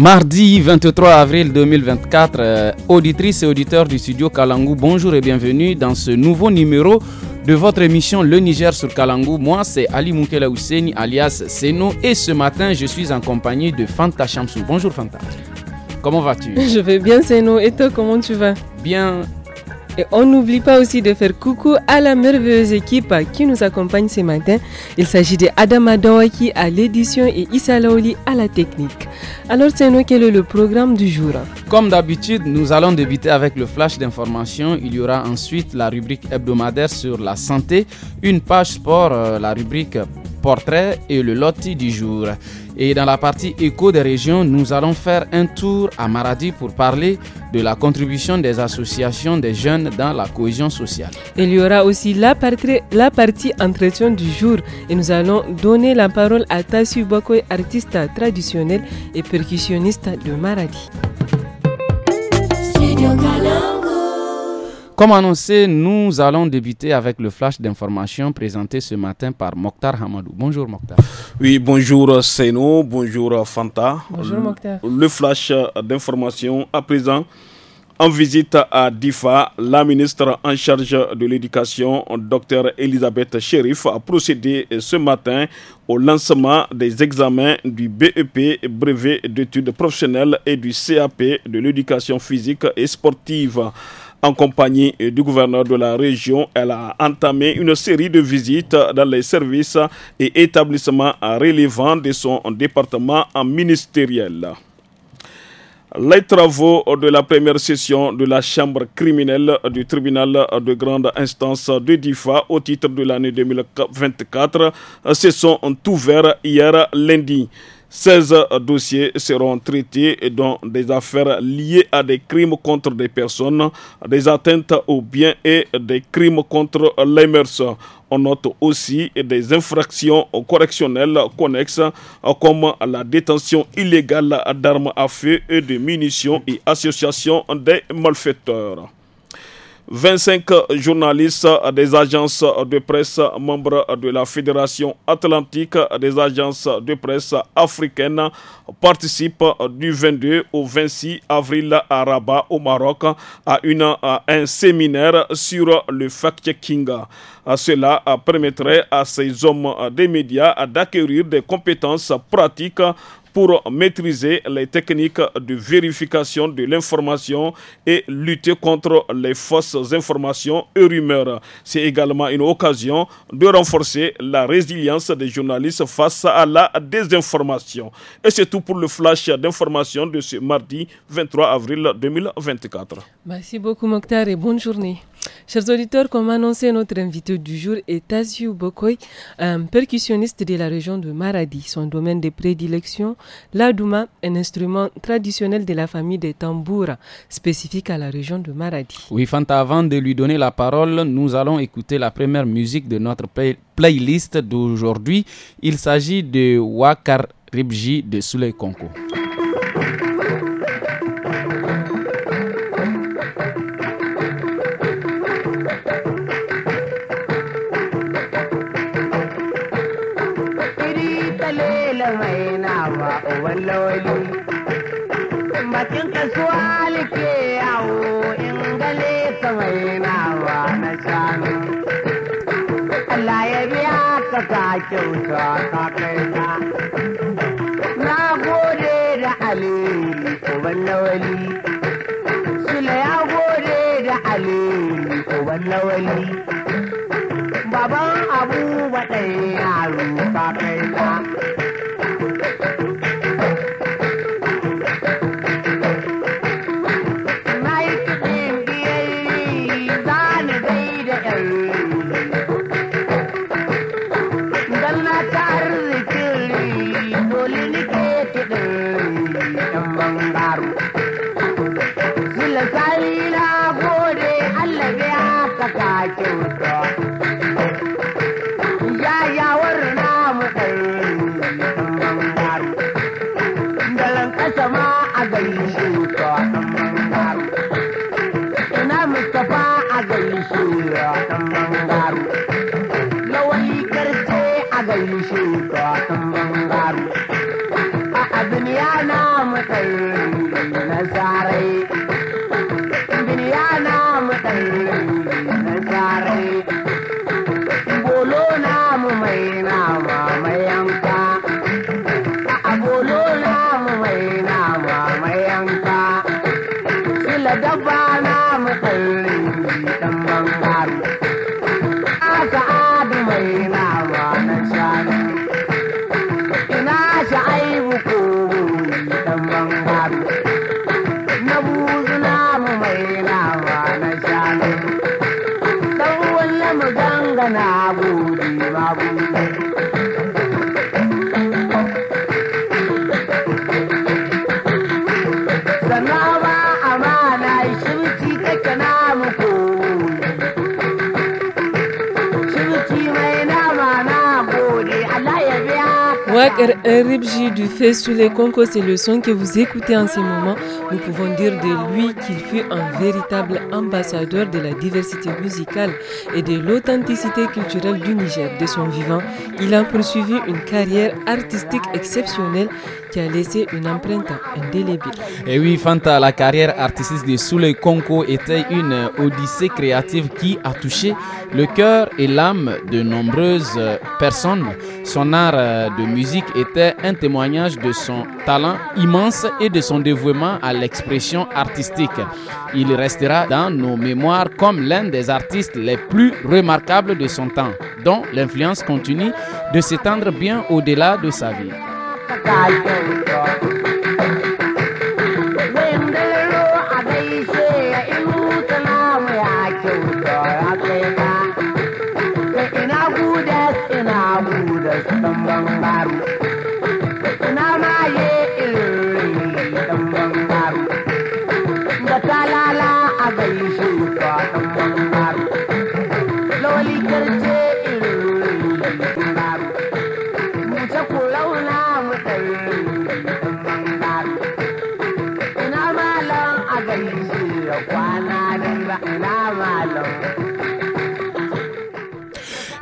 Mardi 23 avril 2024, euh, auditrices et auditeurs du studio Kalangou, bonjour et bienvenue dans ce nouveau numéro de votre émission Le Niger sur Kalangou. Moi, c'est Ali Moukela Ouseni, alias Seno, et ce matin, je suis en compagnie de Fanta Chamsou. Bonjour Fanta. Comment vas-tu Je vais bien, Seno. Et toi, comment tu vas Bien, et on n'oublie pas aussi de faire coucou à la merveilleuse équipe qui nous accompagne ce matin. Il s'agit d'Adama Dawaki à l'édition et Issa Laoli à la technique. Alors c'est nous quel est le programme du jour Comme d'habitude, nous allons débuter avec le flash d'information. Il y aura ensuite la rubrique hebdomadaire sur la santé, une page sport, euh, la rubrique portrait et le loti du jour. Et dans la partie écho des régions, nous allons faire un tour à Maradi pour parler de la contribution des associations des jeunes dans la cohésion sociale. Il y aura aussi la, partie, la entretien du jour et nous allons donner la parole à Tassu Bakoy, artiste traditionnel et percussionniste de Maradi. Comme annoncé, nous allons débuter avec le flash d'information présenté ce matin par Mokhtar Hamadou. Bonjour Mokhtar. Oui, bonjour Seno, bonjour Fanta. Bonjour Mokhtar. Le flash d'information à présent. En visite à Difa, la ministre en charge de l'éducation, Dr Elisabeth Sherif, a procédé ce matin au lancement des examens du BEP, brevet d'études professionnelles, et du CAP de l'éducation physique et sportive. En compagnie du gouverneur de la région, elle a entamé une série de visites dans les services et établissements relevant de son département ministériel. Les travaux de la première session de la Chambre criminelle du tribunal de grande instance de DIFA au titre de l'année 2024 se sont ouverts hier lundi. 16 dossiers seront traités, dans des affaires liées à des crimes contre des personnes, des atteintes aux biens et des crimes contre les mœurs. On note aussi des infractions correctionnelles connexes comme la détention illégale d'armes à feu et de munitions et association des malfaiteurs. 25 journalistes des agences de presse membres de la Fédération atlantique des agences de presse africaines participent du 22 au 26 avril à Rabat au Maroc à, un séminaire sur le fact-checking. Cela permettrait à ces hommes des médias d'acquérir des compétences pratiques pour maîtriser les techniques de vérification de l'information et lutter contre les fausses informations et rumeurs. C'est également une occasion de renforcer la résilience des journalistes face à la désinformation. Et c'est tout pour le flash d'information de ce mardi 23 avril 2024. Merci beaucoup Mokhtar et bonne journée. Chers auditeurs, comme annoncé, notre invité du jour est Tazio Bokoy, un percussionniste de la région de Maradi. Son domaine de prédilection, l'adouma, un instrument traditionnel de la famille des tambours, spécifique à la région de Maradi. Oui, Fanta, avant de lui donner la parole, nous allons écouter la première musique de notre playlist d'aujourd'hui. Il s'agit de Wakar Ribji de Souley Konko. loli bakin kasuwa alike yawo in gale ka mai nawa na shanu Allah ya biya ka kyauta ka kai na gode da alheri uban lawali Sule ya gode da alheri uban lawali R du fait sur les concours et le son que vous écoutez en ce moment. Nous pouvons dire de lui qu'il fut un véritable ambassadeur de la diversité musicale et de l'authenticité culturelle du Niger. De son vivant, il a poursuivi une carrière artistique exceptionnelle a laissé une empreinte indélébile. Et oui, Fanta, la carrière artistique de Souley Konko était une odyssée créative qui a touché le cœur et l'âme de nombreuses personnes. Son art de musique était un témoignage de son talent immense et de son dévouement à l'expression artistique. Il restera dans nos mémoires comme l'un des artistes les plus remarquables de son temps, dont l'influence continue de s'étendre bien au-delà de sa vie. cai com o sol.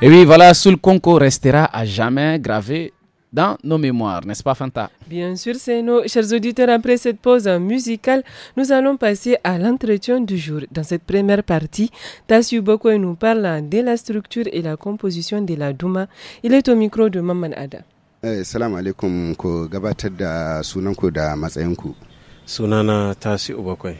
Et oui, voilà, Soul concours restera à jamais gravé dans nos mémoires, n'est-ce pas Fanta Bien sûr, c'est nous. chers auditeurs. Après cette pause musicale, nous allons passer à l'entretien du jour. Dans cette première partie, Tassu Bokoy nous parle de la structure et la composition de la Douma. Il est au micro de Maman Ada. Eh, salam alaikum ko gabatar da sunanku da matsayinku. Sunana Tassu Bokoy.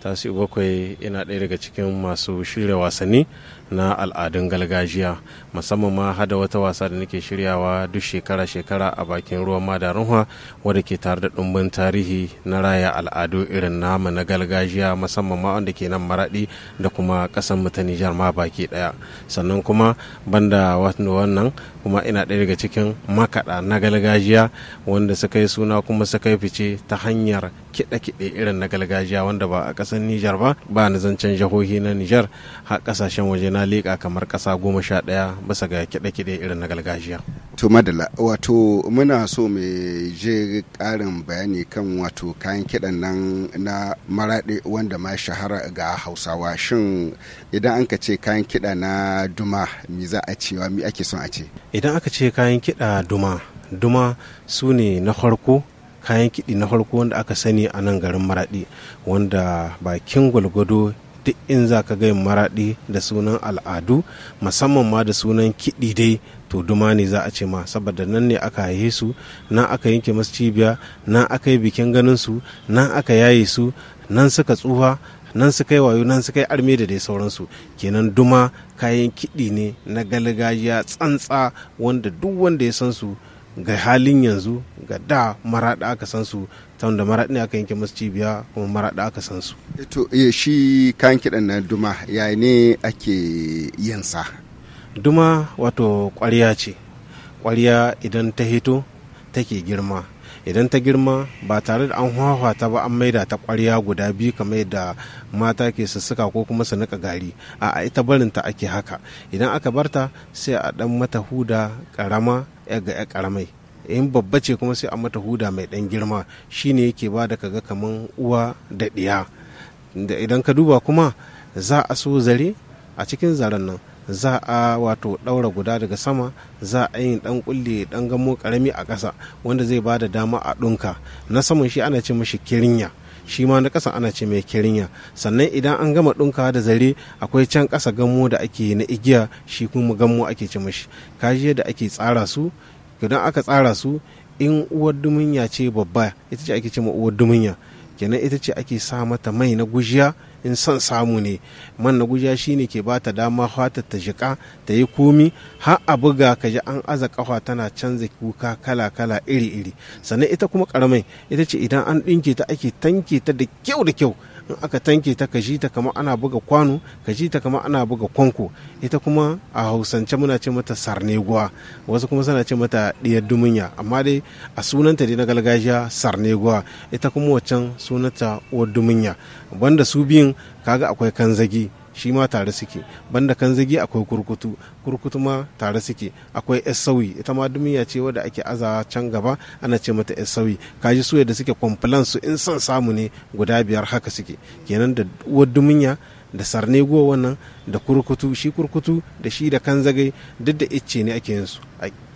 Tassu Bokoy ina ɗaya daga cikin masu shirya wasanni. na al'adun gargajiya musamman ma hada wata wasa da nake shiryawa duk shekara-shekara a bakin ruwan madarunwa wadda ke tare da ɗumbin tarihi na raya al'adu irin namu na gargajiya musamman ma wanda ke nan maraɗi da kuma ƙasar mu ta nijar ma baki ɗaya sannan kuma banda wannan kuma ina ɗaya daga cikin makaɗa na gargajiya wanda suka yi suna kuma suka yi fice ta hanyar kiɗe-kiɗe irin na gargajiya wanda ba a ƙasar nijar ba ba ni zancen jihohi na nijar har ƙasashen waje na leƙa kamar ƙasa goma sha ɗaya bisa ga kiɗe-kiɗe irin na gargajiya. To madala wato muna so mai je ƙarin bayani kan wato kayan kiɗan nan na maraɗe wanda ma shahara ga hausawa shin idan an ka ce kayan kiɗa na duma mi za a cewa mi ake son a ce. Idan aka ce kayan kiɗa duma duma su ne na farko kayan kiɗi na farko wanda aka sani a nan garin maraɗi wanda bakin gwalgwado duk in za ka yin maraɗi da sunan al'adu musamman ma da sunan kiɗi dai to duma ne za a ce ma saboda nan ne aka haihe su nan aka yanke masu cibiya nan aka yi bikin ganin su nan aka yaye su nan suka tsufa nan suka yi wayo nan suka yi arme da dai sauransu kenan duma kayan kiɗi ne na galgajiya tsantsa wanda duk wanda ya san su ga halin yanzu ga da maraɗa aka san su ta wanda maraɗi ne aka yanke musu cibiya kuma maraɗa aka san su. Eh to eh, shi kayan kiɗan na duma ya ne ake yansa. duma wato ƙwarya ce ƙwarya idan ta hito take girma idan ta girma ba tare da an ta ba an maida ta ƙwarya guda biyu kamar da mata ke sussuka ko kuma su nika gari a ita barinta ake haka idan aka barta sai a ɗan mata huda ƙarama ga karamai in babba ce kuma sai a mata huda mai dan girma shine yake ba da kaga kaman uwa da ɗiya da idan ka duba kuma za a so zare a cikin zaren nan za a wato ɗaura guda daga sama za a yi ɗan kulle ɗan gamo ƙarami a ƙasa wanda zai ba da dama a ɗunka na saman shi ana ce mashi kirinya shi ma na ƙasa ana ce mai kirinya sannan idan an gama ɗunka da zare akwai can ƙasa gamo da ake na igiya shi kuma gamo ake ce mashi kaji da ake tsara su idan aka tsara su in uwar dumunya ce babba ita ce ake ce ma uwar dumunya kenan ita ce ake sa mata mai na gujiya in son samu ne man na gujiya shine ke ba ta dama hata ta jiƙa ta yi komi har a buga ka ji an aza kafa tana canza kuka kala kala iri iri sannan ita kuma karamai ita ce idan an ɗinke ta ake tanke ta da kyau da kyau in aka tanke ta ka ji ta kama ana buga kwano ka ji ta kama ana buga kwanko ita kuma a hausance muna ce mata sarneguwa wasu kuma suna ce mata diyar dumunya amma dai a sunanta dai na gargajiya sarneguwa ita kuma waccan sunanta uwar dumunya banda su biyun kaga akwai kanzagi shi ma tare suke banda kanzagi akwai kurkutu kurkutu ma tare suke akwai yan sauyi ita ma dumiya ce wadda ake azawa can gaba ana ce mata yan sauyi kaji suya da suke kwamfilan su in son samu ne guda biyar haka suke kenan da uwar dumiya da sarne guwa wannan da kurkutu shi kurkutu da shi da kan zagai duk da icce ne ake yin su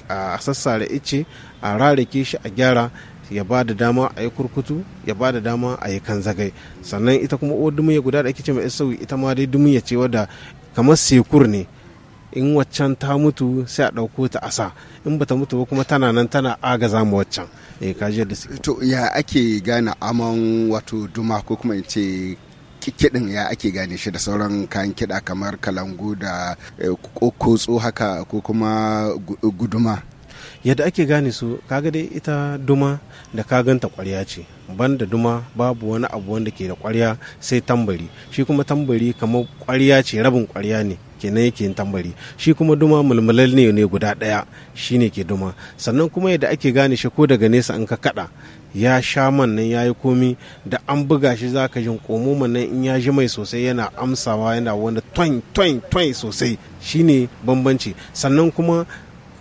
a sassare icce a rarake shi a gyara ya ba da dama a yi kurkutu ya ba da dama a yi kan zagai sannan ita kuma o dumuya guda da ake ce mai sauyi ita ma dai dumuya ce wadda kamar sekur ne in waccan ta mutu sai a ɗauko ta asa in bata mutu ba kuma tana nan tana agaza mu waccan eh kaji da to ya ake gane aman wato duma ko kuma in ce kiɗin ya ake gane shi da sauran kayan kiɗa kamar kalangu da eh, kokotso haka ko kuma guduma yadda ake gane su kaga dai ita duma da ka ganta kwarya ce ban da duma babu wani abu wanda ke da kwarya sai tambari shi kuma tambari kamar kwarya ce rabin kwarya ne kenan yake yin tambari shi kuma duma mulmulal ne ne guda daya shi ne ke duma sannan kuma yadda ake gane shi ko daga nesa in ka kaɗa ya sha man nan ya yi komi da an buga shi za ka jin komo man nan in ya ji mai sosai yana amsawa yana wani twain twain twain sosai shine bambanci sannan kuma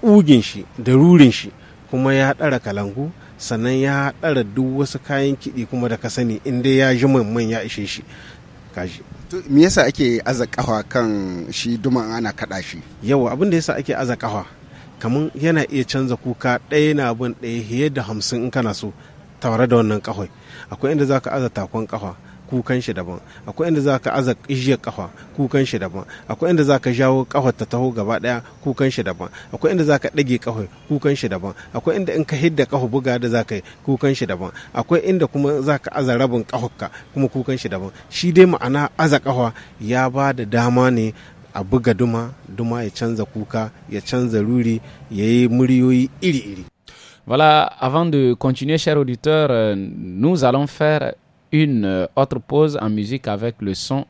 ugin shi da rurin shi kuma ya ɗara kalangu sannan ya ɗara duk wasu kayan kiɗi kuma da ka sani inda ya ji man ya ishe shi kaji me yasa ake aza kawa kan shi duman ana kaɗa shi yawa abin da yasa ake aza kawa kamar yana iya canza kuka ɗaya na bin ɗaya fiye da hamsin in kana so tare da wannan kahoi akwai inda za ka aza takon kawa kukan shi daban akwai inda za ka aza ijiyar kafa kukan shi daban akwai inda za jawo kafar ta taho gaba daya kukan shi daban akwai inda za ka ɗage kafa kukan shi daban akwai inda in ka hidda kafa buga da zaka yi kukan shi daban akwai inda kuma za aza rabin kafarka kuma kukan shi daban shi dai ma'ana aza kafa ya ba da dama ne a buga duma duma ya canza kuka ya canza ruri ya yi muryoyi iri-iri Voilà, avant de continuer, chers auditeurs, euh, nous allons faire une euh, autre pause en musique avec le son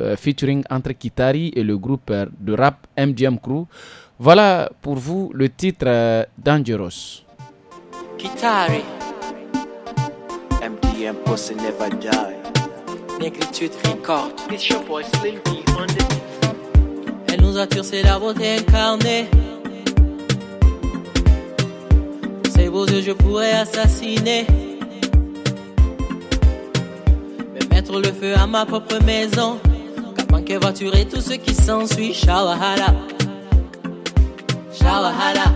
euh, featuring entre Kitari et le groupe euh, de rap MDM Crew. Voilà pour vous le titre Dangerous. Kitari MDM Pussy Never Die Négritude Record It's your boy Slim B on the Elle nous a c'est la beauté incarnée Ses beaux yeux je pourrais assassiner le feu à ma propre maison. comment que voiture et tout ce qui s'ensuit. Shawahala. Shawahala.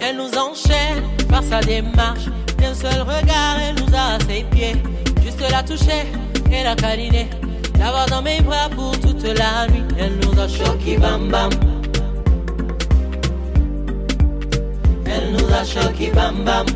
Elle nous enchaîne par sa démarche. D'un seul regard, elle nous a à ses pieds. Juste la toucher et la câliner. L'avoir dans mes bras pour toute la nuit. Elle nous a choqué bam bam. Elle nous a choqué bam bam.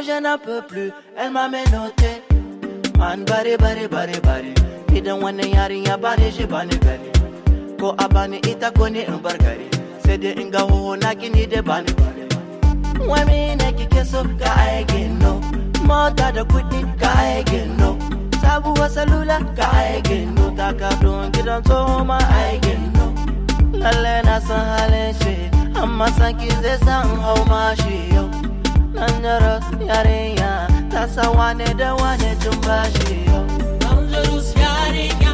moi je n'en peux plus. Elle m'a menotté. Man, bari bari bari bari. Idan wani yarinya bare shi bani gari. Ko a bani ko ne ita koni gari. Sai dai in ga hoho na gini de bani bari. Wami ne kike so ka aiki no. Mota da kuɗi ka aiki no. wa salula ka aiki no. Takardun gidan tsoho ma aiki no. Lalle na san halin shi. Amma san ki san hau ma shi yau. Dangerous yare ya ta sa wane da wane tun ba shi Dangerous yare ya,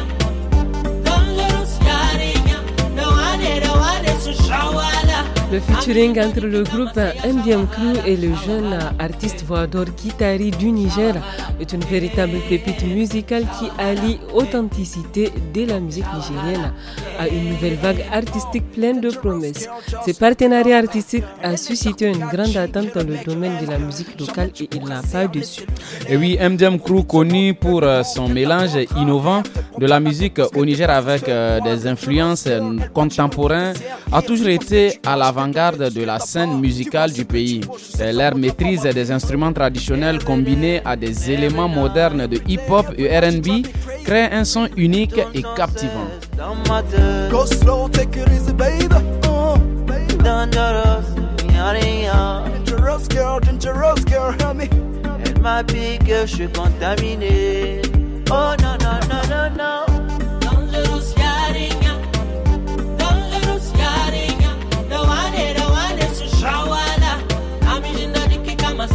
dangerous yare ya, su shawala. Le featuring entre le groupe MDM Crew et le jeune artiste voix d'or Kitari du Niger est une véritable pépite musicale qui allie authenticité de la musique nigérienne à une nouvelle vague artistique pleine de promesses. Ce partenariat artistique a suscité une grande attente dans le domaine de la musique locale et il n'a pas déçu. Et oui, MDM Crew connu pour euh, son mélange innovant de la musique au Niger avec euh, des influences contemporaines a toujours été à l'avant garde de la scène musicale du pays. L'air maîtrise des instruments traditionnels combinés à des éléments modernes de hip-hop et RB crée un son unique et captivant.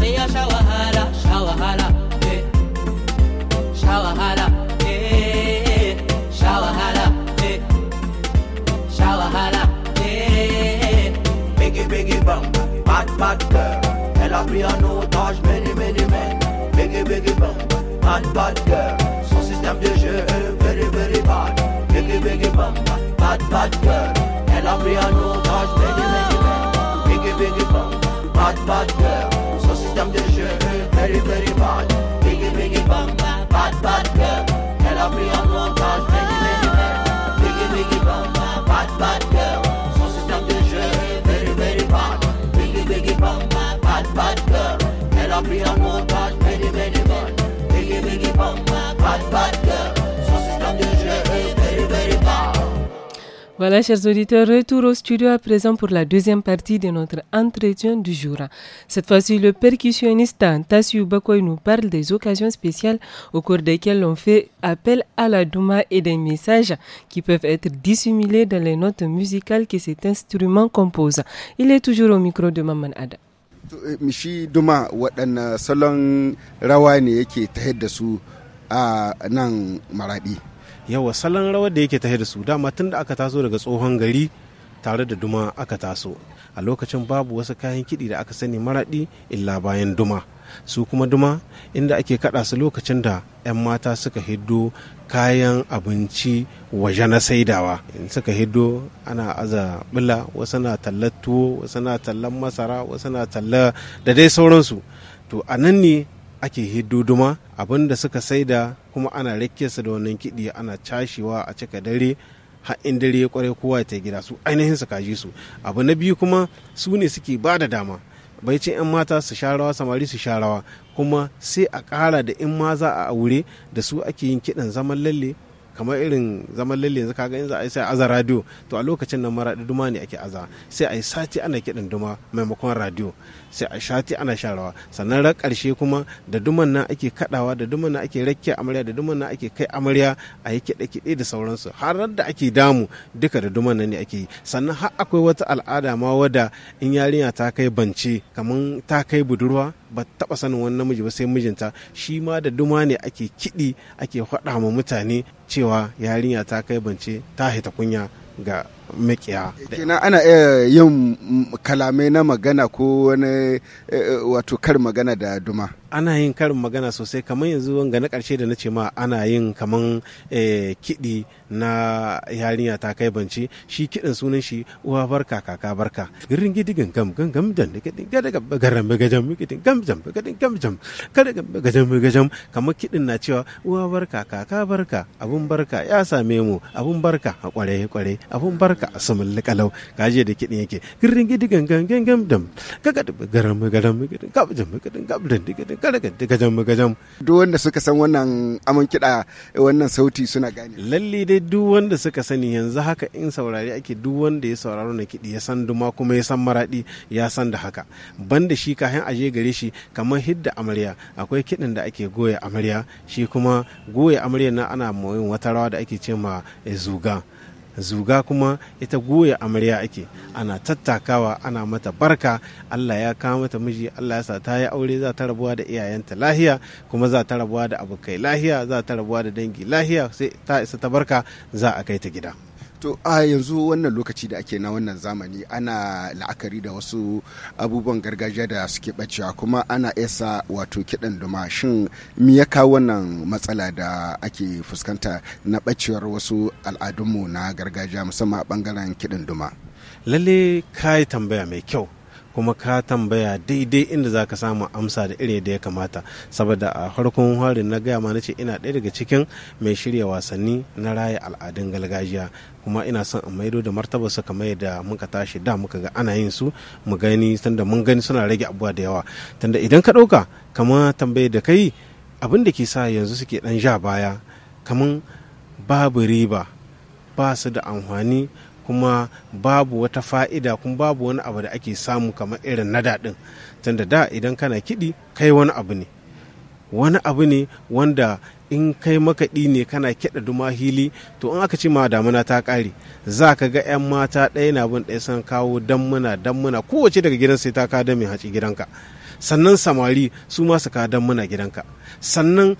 Say a shower hala, eh. Shower eh. Shower eh. Shower eh. Biggie, biggie, bum, bad, bad girl. Elle a pris un otage, many, many men. Biggie, biggie, bum, bad, bad girl. So system de jeu very, very bad. Biggie, biggie, bum, bad, bad girl. Elle a pris un otage, many, many men. Biggie, biggie, bum, bad, bad girl. I'm just sugar. Very, very bad. Biggie, biggie, bang, bang. Voilà, chers auditeurs, retour au studio à présent pour la deuxième partie de notre entretien du jour. Cette fois-ci, le percussionniste Tassu Bakoy nous parle des occasions spéciales au cours desquelles on fait appel à la Douma et des messages qui peuvent être dissimulés dans les notes musicales que cet instrument compose. Il est toujours au micro de Maman Ada. Eh, Mishi Douma, Wadana salon rawani qui est yawa salon rawar da yake tahe da su dama tun da aka taso daga tsohon gari tare da duma aka taso a lokacin babu wasu kayan kiɗi da aka sani maraɗi illa bayan duma su kuma duma inda ake kaɗa su lokacin da 'yan mata suka hiddo kayan abinci waje na saidawa in suka hiddo ana aza bula wasu na tallar tuwo wasu na tallan masara wasu na tallar da dai sauransu to a nan ne ake hidduduma abin da suka saida kuma ana su da wannan kiɗi ana cashewa a cika dare in dare ya kware kowa ta gida su ainihin su kaji su abu na biyu kuma su ne suke ba da dama bai ce 'yan mata su sha samari su sha kuma sai a ƙara da in ma za a aure da su ake yin kiɗan zaman lalle kamar irin zaman lalle yanzu kaga a yi sai aza radio to a lokacin nan mara duma ne ake aza sai a yi sati ana kiɗin duma maimakon radio sai a shati ana sharawa sannan ran ƙarshe kuma da duman nan ake kaɗawa da duman nan ake rakke amarya da duman nan ake kai amarya a yi kiɗe-kiɗe da sauransu har da ake damu duka da duman nan ne ake yi sannan har akwai wata al'ada ma wadda in yarinya ta kai bance kamar ta kai budurwa ba taba sanin wani namiji ba sai mijinta shi ma da duma ne ake kiɗi ake faɗa ma mutane cewa yarinya ta kai bance ta hita kunya ga mikiya Kenan ana iya yin kalamai na magana ko wani eh, eh, wato kar magana da duma. Ana yin karin magana sosai kamar yanzu wanga na karshe da na ce ma ana yin kamar eh, kiɗi na yarinya ta kai banci shi kiɗin sunan shi uwa barka kaka barka. Girin gidigin gam gam gam dan garan gam jam gam jam kada kamar kiɗin na cewa uwa barka kaka barka abun barka ya same mu abun barka a kware kware abun barka haka a saman likalau gaje da kiɗin yake girin gidi gangan gamdam kaga da garan magaran magaran gabdan magaran gabdan mu karaga mu magaran duk wanda suka san wannan aman kiɗa wannan sauti suna gane lalle dai duk wanda suka sani yanzu haka in saurari ake duk wanda ya sauraro na kiɗi ya san duma kuma ya san maraɗi ya san da haka banda shi kayan aje gare shi kamar hidda amarya akwai kiɗin da ake goya amarya shi kuma goya amarya na ana moyin wata rawa da ake ce ma eh, zuga zuga kuma ita goya amarya ake ana tattakawa ana mata barka allah ya kawo mata miji allah ya sa ta yi aure za ta rabuwa da iyayenta lahiya kuma za ta rabuwa da abokai lahiya za ta rabuwa da dangi lahiya sai ta isa ta barka za a kai ta gida to a yanzu wannan lokaci da ake na wannan zamani ana la'akari da wasu abubuwan gargajiya da suke bacewa kuma ana esa wato kiɗan duma shin me ya kawo wannan matsala da ake fuskanta na bacewar wasu al'adunmu na gargajiya musamman a bangaren kiɗan duma lalle ka tambaya mai kyau kuma ka tambaya daidai inda za ka samu amsa da irin da ya kamata saboda a farkon harin na gaya ma na ce ina ɗaya daga cikin mai shirya wasanni na raya al'adun gargajiya kuma ina son a maido da martaba su kamar yadda muka tashi da muka ga ana yin su mu gani tunda mun gani suna rage abubuwa da yawa tunda idan ka ɗauka kama tambaye da kai abin da ke sa yanzu suke ɗan ja baya kaman babu riba ba su da amfani kuma babu wata fa'ida kuma babu wani abu da ake samu kamar irin na daɗin tunda da idan kana kiɗi kai wani abu ne wani abu ne wanda in kai makaɗi ne kana kiɗa duma hili to in aka ce ma damuna ta ƙare za ka ga 'yan mata ɗaya na bin ɗaya san kawo dammuna dammuna kowace daga gidan sai ta kawo mai haci gidanka sannan samari su ma su kawo dammuna gidanka sannan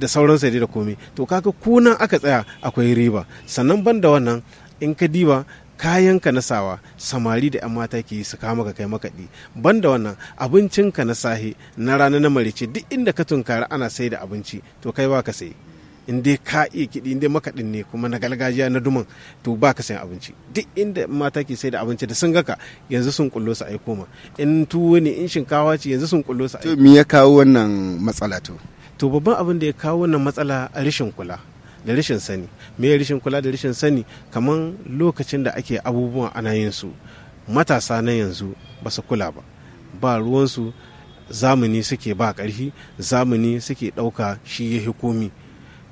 da sauran sai da komi to kaga kunan aka tsaya akwai riba sannan ban da wannan in ka diba kayanka na sawa samari da 'yan mata ke su kama ka kai makaɗi ban da wannan abincinka na sahi na rana na marice duk inda ka tunkari ana sai da abinci to kai ba ka sai in dai ka iya kiɗi in dai makaɗin ne kuma na gargajiya na duman to ba ka sayan abinci duk inda mata ke sai da abinci da sun ga ka yanzu sun kullo su aiko ma in tuwo ne in shinkawa ce yanzu sun kullo su aiko to me ya kawo wannan matsala to to babban abin da ya kawo wannan matsala rashin kula da rashin sani me rashin kula da rashin sani kamar lokacin da ake abubuwan ana yin su matasa na yanzu ba su kula ba ba ruwansu zamani suke ba ƙarfi zamani suke ɗauka shi ya hukumi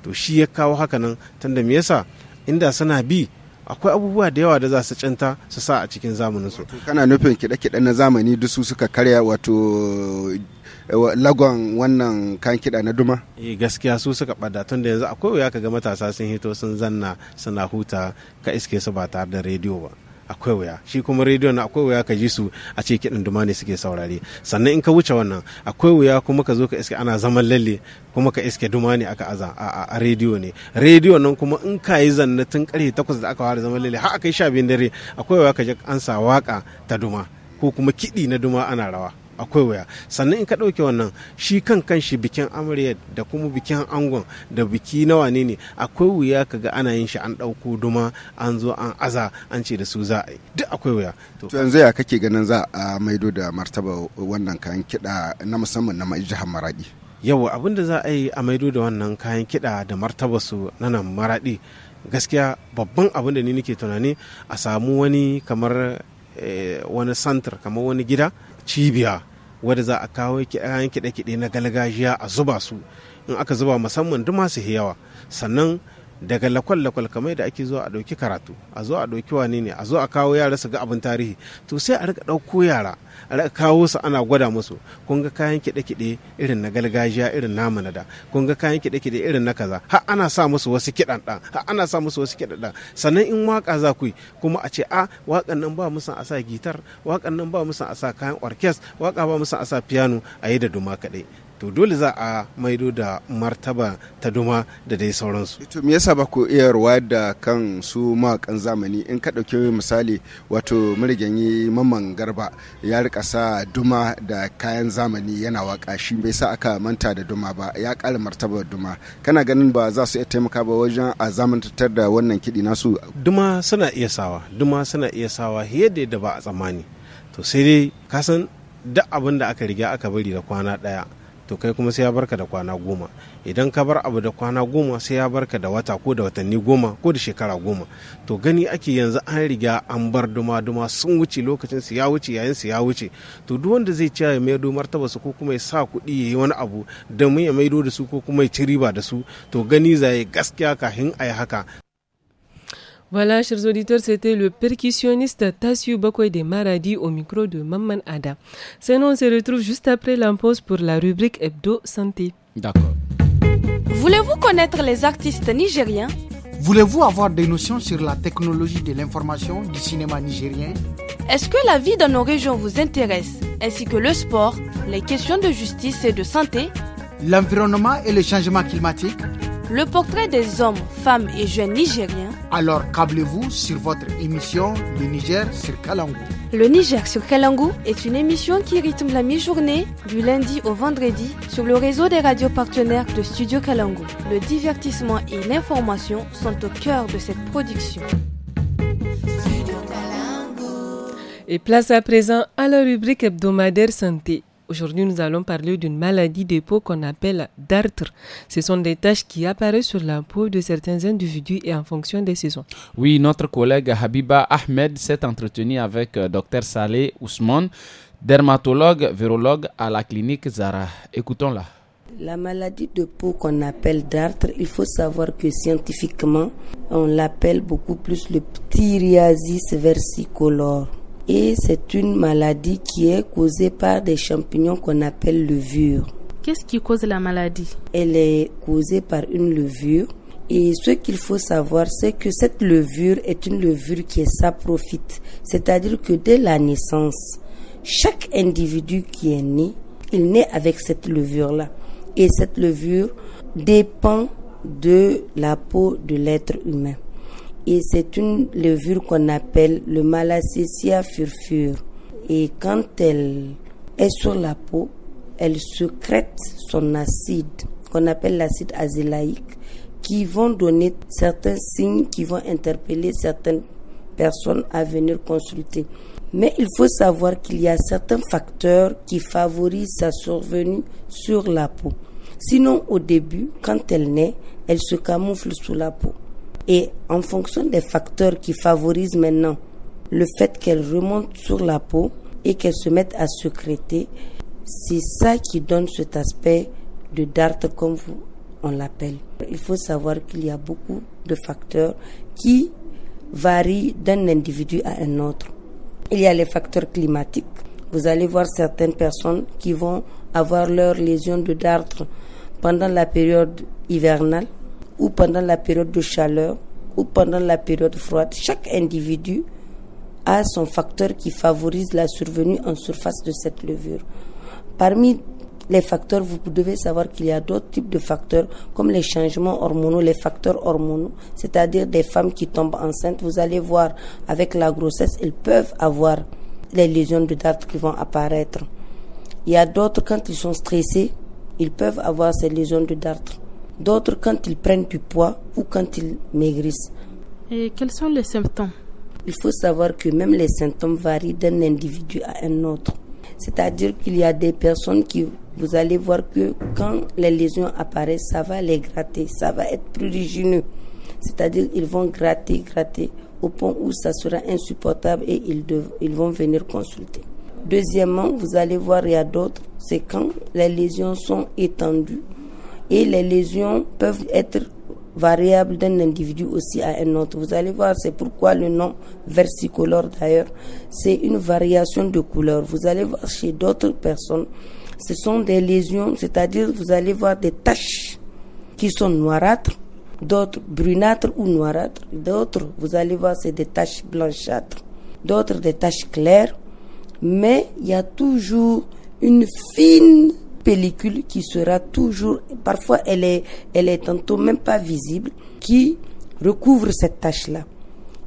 to shi ya kawo hakanan tunda me yasa inda suna bi akwai abubuwa da yawa da za su cinta su sa a cikin su. kana nufin kiɗe-kiɗe na zamani duk suka karya wato eh, lagon wannan kan kiɗa na duma eh gaskiya su suka ɓada tun da yanzu akwai wuya ka ga matasa sun hito sun zanna suna huta ka iske su ba tare da rediyo ba akwai wuya shi kuma rediyo na akwai wuya ka ji su a ce kiɗan duma ne suke saurare sannan in ka wuce wannan akwai wuya kuma ka zo ka iske ana zaman lalle kuma ka iske duma ne aka aza a rediyo ne rediyo nan kuma in ka yi zanna tun karfe takwas da aka fara zaman lalle har aka yi sha biyun dare akwai wuya ka ji ansa waka ta duma ko kuma kiɗi na duma ana rawa akwai waya sannan in ka ɗauke wannan shi kan kan shi bikin amarya da kuma bikin angon da biki na wane ne akwai wuya ka ga ana yin shi an ɗauko duma an zo an aza an ce da su za a yi duk akwai wuya to yanzu ya kake ganin za a maido da martaba wannan kayan kiɗa na musamman na jihar maradi yawa abin da za a yi a maido da wannan kayan kiɗa da martaba su na nan maradi gaskiya babban abin da ni nake tunani a samu wani kamar eh, wani santar kamar wani gida cibiya wadda za a kawo kayan kiɗe-kiɗe na galgajiya a zuba su in aka zuba musamman duma su yawa sannan daga lakwal-lakwal kamar da ake zuwa a ɗauki karatu a zo a ɗauki wane ne a zo a kawo yara su ga abin tarihi to sai a rika ɗauko yara a rika kawo su ana gwada musu kun ga kayan kiɗe-kiɗe irin na gargajiya irin na da kun ga kayan kiɗe-kiɗe irin na kaza har ana sa musu wasu kiɗan ɗan har ana sa musu wasu kiɗan ɗan sannan in waka za ku yi kuma a ce a waƙan nan ba musan a sa gitar waƙan nan ba musan a sa kayan orkes waƙa ba musan a sa piano a yi da duma kaɗai to dole za a maido da martaba ta duma da dai sauransu to me yasa ba ku iya ruwa da kan su mawakan zamani in ka ɗauki misali wato yi mamman garba ya rika sa duma da kayan zamani yana waka shi bai sa aka manta da duma ba ya ƙara martaba duma kana ganin ba za su iya taimaka ba wajen a zamantattar da wannan kiɗi nasu duma suna iya sawa duma suna iya sawa yadda ba a tsammani to sai dai kasan duk abin da aka riga aka bari da kwana ɗaya to kai kuma sai ya barka da kwana goma idan ka bar abu da kwana goma sai ya barka da wata ko da watanni goma ko da shekara goma to gani ake yanzu an riga an bar duma-duma sun wuce lokacin su ya wuce yayin su ya wuce to duk wanda zai ciya ya maido martaba su ko kuma ya sa kuɗi ya yi wani abu da mun ya maido da su ko kuma ya ci riba da su to gani zaye gaskiya kafin a yi haka Voilà, chers auditeurs, c'était le percussionniste Tassio Bakoué des Maradi au micro de Maman Ada. Sinon, on se retrouve juste après la pour la rubrique Hebdo Santé. D'accord. Voulez-vous connaître les artistes nigériens Voulez-vous avoir des notions sur la technologie de l'information du cinéma nigérien Est-ce que la vie dans nos régions vous intéresse, ainsi que le sport, les questions de justice et de santé L'environnement et le changement climatique Le portrait des hommes, femmes et jeunes nigériens alors câblez-vous sur votre émission Le Niger sur Kalango. Le Niger sur Kalango est une émission qui rythme la mi-journée du lundi au vendredi sur le réseau des radios partenaires de Studio Kalango. Le divertissement et l'information sont au cœur de cette production. Et place à présent à la rubrique hebdomadaire santé. Aujourd'hui, nous allons parler d'une maladie de peau qu'on appelle d'artre. Ce sont des taches qui apparaissent sur la peau de certains individus et en fonction des saisons. Oui, notre collègue Habiba Ahmed s'est entretenu avec euh, Dr Saleh Ousmane, dermatologue, virologue à la clinique Zara. Écoutons-la. La maladie de peau qu'on appelle d'artre, il faut savoir que scientifiquement, on l'appelle beaucoup plus le ptyriasis versicolore et c'est une maladie qui est causée par des champignons qu'on appelle levure. Qu'est-ce qui cause la maladie Elle est causée par une levure et ce qu'il faut savoir, c'est que cette levure est une levure qui est c'est-à-dire que dès la naissance, chaque individu qui est né, il naît avec cette levure-là. Et cette levure dépend de la peau de l'être humain et c'est une levure qu'on appelle le Malassezia furfur Et quand elle est sur la peau, elle secrète son acide qu'on appelle l'acide azélaïque qui vont donner certains signes qui vont interpeller certaines personnes à venir consulter. Mais il faut savoir qu'il y a certains facteurs qui favorisent sa survenue sur la peau. Sinon, au début, quand elle naît, elle se camoufle sous la peau. Et en fonction des facteurs qui favorisent maintenant le fait qu'elle remonte sur la peau et qu'elle se mette à secréter, c'est ça qui donne cet aspect de dart comme vous, on l'appelle. Il faut savoir qu'il y a beaucoup de facteurs qui varient d'un individu à un autre. Il y a les facteurs climatiques. Vous allez voir certaines personnes qui vont avoir leur lésions de dartre pendant la période hivernale ou pendant la période de chaleur ou pendant la période froide, chaque individu a son facteur qui favorise la survenue en surface de cette levure. Parmi les facteurs, vous devez savoir qu'il y a d'autres types de facteurs, comme les changements hormonaux, les facteurs hormonaux, c'est-à-dire des femmes qui tombent enceintes. Vous allez voir, avec la grossesse, elles peuvent avoir les lésions de dartre qui vont apparaître. Il y a d'autres, quand ils sont stressés, ils peuvent avoir ces lésions de dartre d'autres quand ils prennent du poids ou quand ils maigrissent. Et quels sont les symptômes Il faut savoir que même les symptômes varient d'un individu à un autre. C'est-à-dire qu'il y a des personnes qui, vous allez voir que quand les lésions apparaissent, ça va les gratter, ça va être prurigineux. C'est-à-dire qu'ils vont gratter, gratter au point où ça sera insupportable et ils, ils vont venir consulter. Deuxièmement, vous allez voir, il y a d'autres, c'est quand les lésions sont étendues, et les lésions peuvent être variables d'un individu aussi à un autre. Vous allez voir, c'est pourquoi le nom versicolore d'ailleurs, c'est une variation de couleur. Vous allez voir chez d'autres personnes, ce sont des lésions, c'est-à-dire vous allez voir des taches qui sont noirâtres, d'autres brunâtres ou noirâtres, d'autres, vous allez voir, c'est des taches blanchâtres, d'autres des taches claires, mais il y a toujours une fine pellicule qui sera toujours, parfois elle est, elle est tantôt même pas visible, qui recouvre cette tache-là.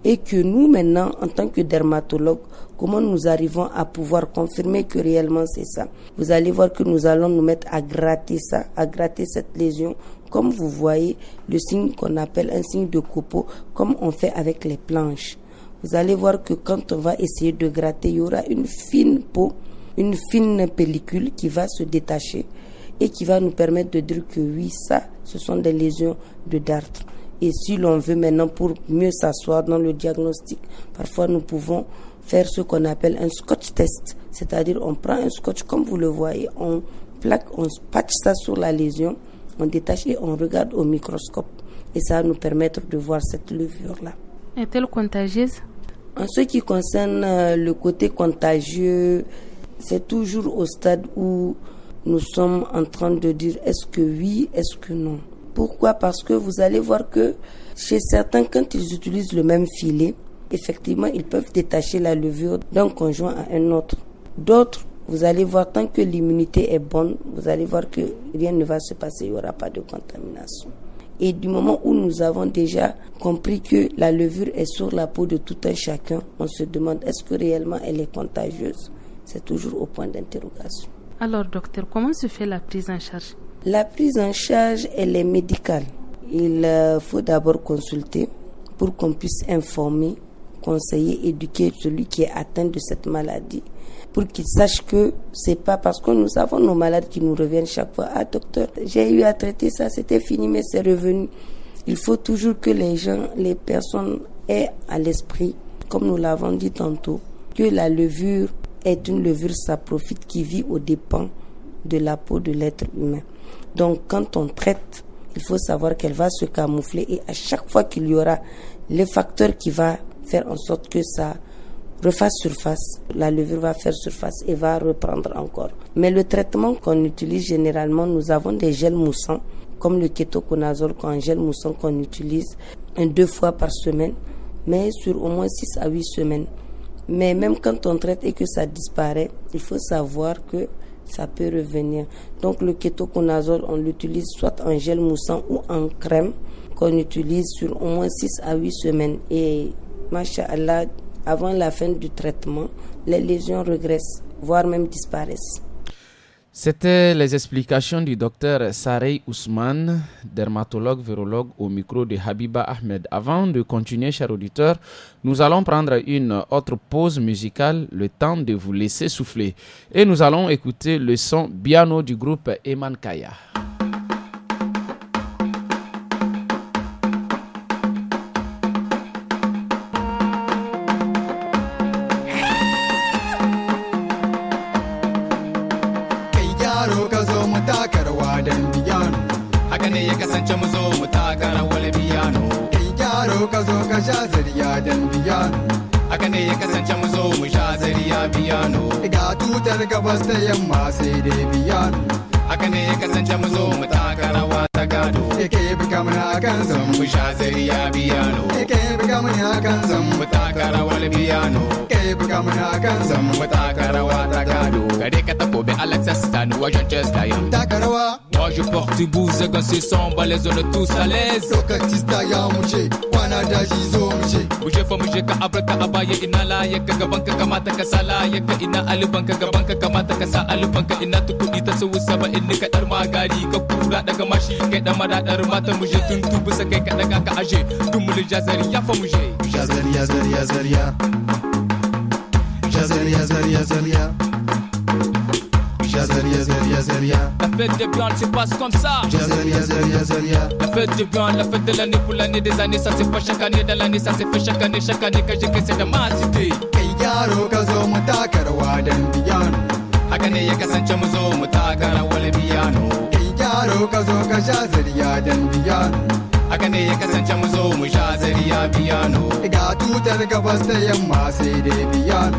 Et que nous, maintenant, en tant que dermatologues, comment nous arrivons à pouvoir confirmer que réellement c'est ça Vous allez voir que nous allons nous mettre à gratter ça, à gratter cette lésion. Comme vous voyez, le signe qu'on appelle un signe de copeau, comme on fait avec les planches. Vous allez voir que quand on va essayer de gratter, il y aura une fine peau une fine pellicule qui va se détacher et qui va nous permettre de dire que oui, ça, ce sont des lésions de dartre. Et si l'on veut maintenant pour mieux s'asseoir dans le diagnostic, parfois nous pouvons faire ce qu'on appelle un scotch test. C'est-à-dire on prend un scotch comme vous le voyez, on plaque, on patche ça sur la lésion, on détache et on regarde au microscope. Et ça va nous permettre de voir cette levure-là. Est-elle contagieuse En ce qui concerne euh, le côté contagieux, c'est toujours au stade où nous sommes en train de dire est-ce que oui, est-ce que non. Pourquoi Parce que vous allez voir que chez certains, quand ils utilisent le même filet, effectivement, ils peuvent détacher la levure d'un conjoint à un autre. D'autres, vous allez voir, tant que l'immunité est bonne, vous allez voir que rien ne va se passer, il n'y aura pas de contamination. Et du moment où nous avons déjà compris que la levure est sur la peau de tout un chacun, on se demande est-ce que réellement elle est contagieuse c'est toujours au point d'interrogation. Alors, docteur, comment se fait la prise en charge La prise en charge, elle est médicale. Il euh, faut d'abord consulter pour qu'on puisse informer, conseiller, éduquer celui qui est atteint de cette maladie pour qu'il sache que c'est pas parce que nous avons nos malades qui nous reviennent chaque fois. Ah, docteur, j'ai eu à traiter ça, c'était fini, mais c'est revenu. Il faut toujours que les gens, les personnes aient à l'esprit, comme nous l'avons dit tantôt, que la levure est une levure saprophyte qui vit au dépens de la peau de l'être humain. Donc quand on traite, il faut savoir qu'elle va se camoufler et à chaque fois qu'il y aura les facteurs qui va faire en sorte que ça refasse surface, la levure va faire surface et va reprendre encore. Mais le traitement qu'on utilise généralement, nous avons des gels moussants, comme le ketoconazole un gel moussant qu'on utilise deux fois par semaine, mais sur au moins 6 à 8 semaines. Mais même quand on traite et que ça disparaît, il faut savoir que ça peut revenir. Donc le ketoconazole, on l'utilise soit en gel moussant ou en crème qu'on utilise sur au moins 6 à 8 semaines. Et machallah, avant la fin du traitement, les lésions regressent, voire même disparaissent. C'était les explications du docteur Sarey Ousmane, dermatologue virologue au micro de Habiba Ahmed. Avant de continuer, chers auditeurs, nous allons prendre une autre pause musicale, le temps de vous laisser souffler. Et nous allons écouter le son piano du groupe Eman Kaya. gabas da yamma sai dai biyadu haka ne ya kasance mu zo mu taka rawa ta gado yake buga mun akan zan mu sha zariya biyano yake buga mun akan zan mu taka rawar biyano yake buga mun akan zan mu taka rawa ta gado kare ka bi alexa ta wajen chester yan taka rawa Moi je porte du c'est sans on est tous à l'aise Lokatista ya wana da jizo fa ka ina la ka ka ka ka ina ka ka sa ina ka ka kura daga mashi da mata ka daga ka aje jazari ya fa Jazari jazari ya ya La fête des blancs, se passe comme ça. La fête des blancs, la fête de l'année pour l'année des années. Ça c'est pas chaque année dans l'année. Ça c'est fait chaque année, chaque année. que j'ai que dans ma cité. yaro kazo zo mu taka rawa dan ya kasance mu zo mu taka rawar kazo kai yaro ka zo ka zariya dan biyano ya kasance mu zo mu sha zariya biyano ga tutar gabas da yamma sai dai biyano